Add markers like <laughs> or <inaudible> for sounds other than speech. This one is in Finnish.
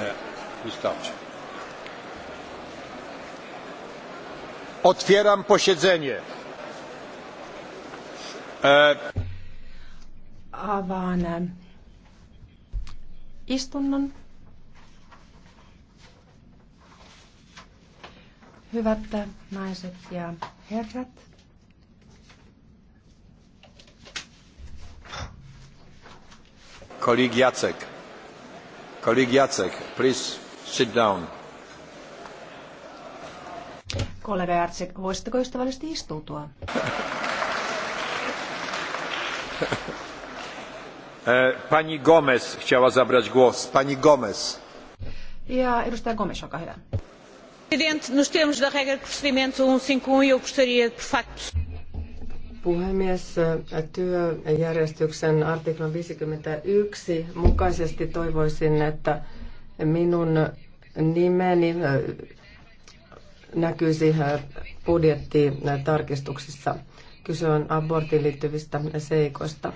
E, wystarczy. Otwieram posiedzenie. E, Avaan e, istunnon. Hyvät naiset ja herrat, Kollegi Jacek. Colleague Jacek, please sit down. Kollega Jacek, voisitteko ystävällisesti istuutua? <laughs> E, pani Gomez chciała zabrać głos. Pani Gomez. Ja edustaja Gomes, olkaa hyvä. Presidente, nos termos da regra de procedimento 151, um um e eu gostaria de facto... Puhemies, työjärjestyksen artiklan 51 mukaisesti toivoisin, että minun nimeni näkyisi budjettitarkistuksissa. Kyse on aborttiin liittyvistä seikoista.